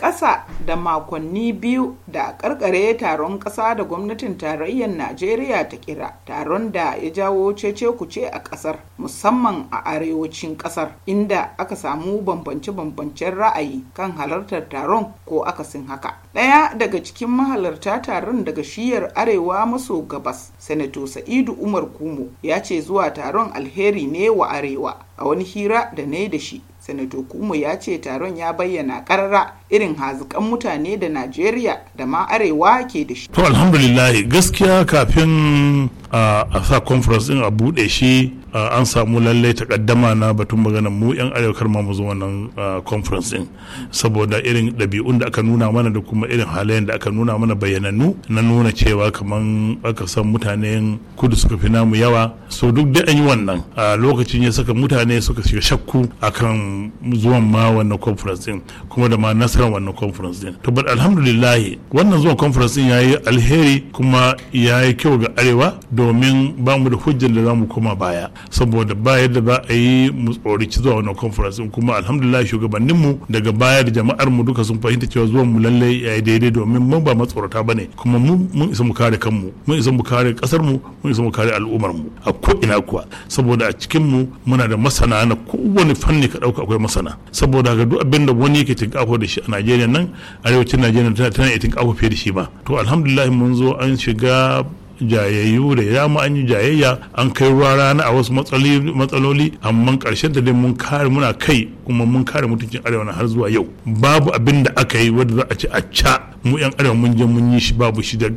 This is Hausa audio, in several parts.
ƙasa da makonni biyu da karkare taron ƙasa da gwamnatin tarayyar najeriya ta kira taron da ya jawo cece kuce a ƙasar musamman a arewacin ƙasar inda aka samu bambance-bambancen ra'ayi kan halartar taron ko akasin haka ɗaya daga cikin mahalarta taron daga shiyar arewa maso gabas sanato sa'idu umar kumo ya ce zuwa taron alheri ne wa arewa a wani hira da na da shi senato kumo ya ce taron ya bayyana ƙarara irin hazikan mutane da najeriya da ma arewa ke da shi to alhamdulillah gaskiya kafin a sa conference din a bude shi an samu lallai takaddama na batun magana mu yan arewa kar mu zo wannan conference din saboda irin ɗabi'un da aka nuna mana da kuma irin halayen da aka nuna mana bayyanannu na nuna cewa kaman aka san mutanen kudu suka fi namu yawa so duk da an yi wannan a lokacin ya saka mutane suka shiga shakku akan zuwan ma wannan conference din kuma da ma kiran wannan conference din to but alhamdulillah wannan zuwan conference din yayi alheri kuma yayi kyau ga arewa domin ba mu da hujjar da zamu koma baya saboda ba yadda za a yi mu tsorici zuwa wannan conference din kuma alhamdulillah shugabannin mu daga baya da jama'ar mu duka sun fahimta cewa zuwan mu lalle yayi daidai domin mun ba matsorata bane kuma mun isa mu kare kanmu mun isa mu kare kasar mu mun isa mu kare al'ummar mu a ko ina kuwa saboda a cikin mu muna da masana na kowane fanni ka dauka akwai masana saboda ga duk abin da wani yake tinka da shi najeriya nan arewacin najeriya tana tana itin kafa fiye da shi ba to alhamdulillah mun zo an shiga jayayyu da mu an yi jayayya an kai ruwa rana a wasu matsaloli amma karshen da dai mun kare muna kai kuma mun kare mutuncin arewa na har zuwa yau babu abin da aka yi wanda za a ci a ca mu yan arewa mun je mun yi shi babu shi da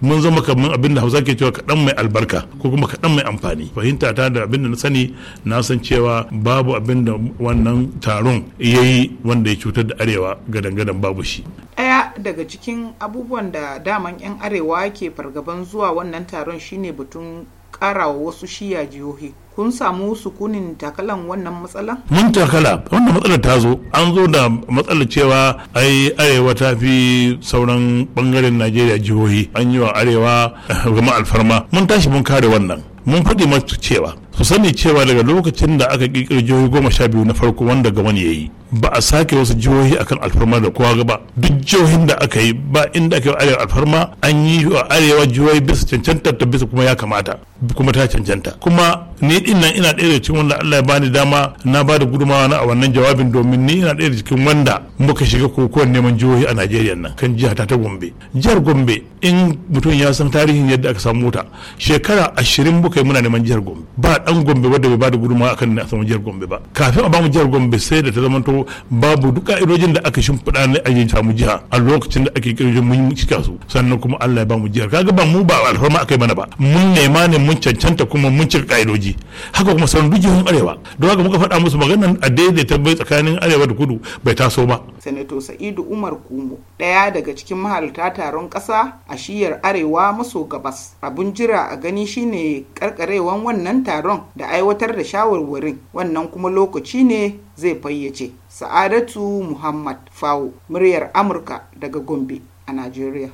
mun zama kamar abin da hausa ke cewa kaɗan mai albarka ko kuma kaɗan mai amfani fahimta ta da abin da na sani na san cewa babu abin da wannan taron ya yi wanda ya cutar da arewa gadan-gadan babu shi ɗaya daga cikin abubuwan da daman 'yan arewa ke fargaban zuwa wannan taron shine batun ƙarawa wasu shiya jihohi kun samu sukunin takalan wannan matsala? mun takala wannan matsalar ta zo an zo da matsalar cewa ai arewa ta fi sauran bangaren najeriya jihohi an yi wa arewa eh, gama alfarma mun tashi mun kare wannan mun faɗi masu cewa su sani cewa daga lokacin da aka kirkiri jihohi goma sha biyu na farko wanda ga wani yi ba a sake wasu jihohi akan alfarma da kowa gaba. duk jihohin da aka yi ba inda aka yi arewa alfarma an yi wa arewa jihohi bisa cancanta ta bisa kuma ya kamata kuma ta cancanta kuma ni din nan ina ɗaya da cikin wanda Allah ya bani dama na bada gudumawa na a wannan jawabin domin ni ina ɗaya da cikin wanda muka shiga kokon neman jihohi a Najeriya nan kan jiha ta ta Gombe jihar Gombe in mutum ya san tarihin yadda aka samu ta shekara ashirin muka yi muna neman jihar Gombe ba dan gombe wadda bai bada gudunmawa akan a saman jihar gombe ba kafin a bamu jihar gombe sai da ta zamanto babu duk ka'idojin da aka shimfiɗa ne a samu jiha a lokacin da ake kirjin mun cika su sannan kuma Allah ya bamu jihar kaga ba mu ba alfarma akai mana ba mun nema ne mun cancanta kuma mun cika ka'idoji haka kuma san duk jihohin arewa don haka muka faɗa musu maganar a ta bai tsakanin arewa da kudu bai taso ba sanato sa'idu umar kumo ɗaya daga cikin mahalarta taron ƙasa a shiyar arewa maso gabas abun jira a gani shine karkarewan wannan taron da aiwatar da shawarwarin wannan kuma lokaci ne zai fayyace sa'adatu muhammad fawo muryar amurka daga gombe a najeriya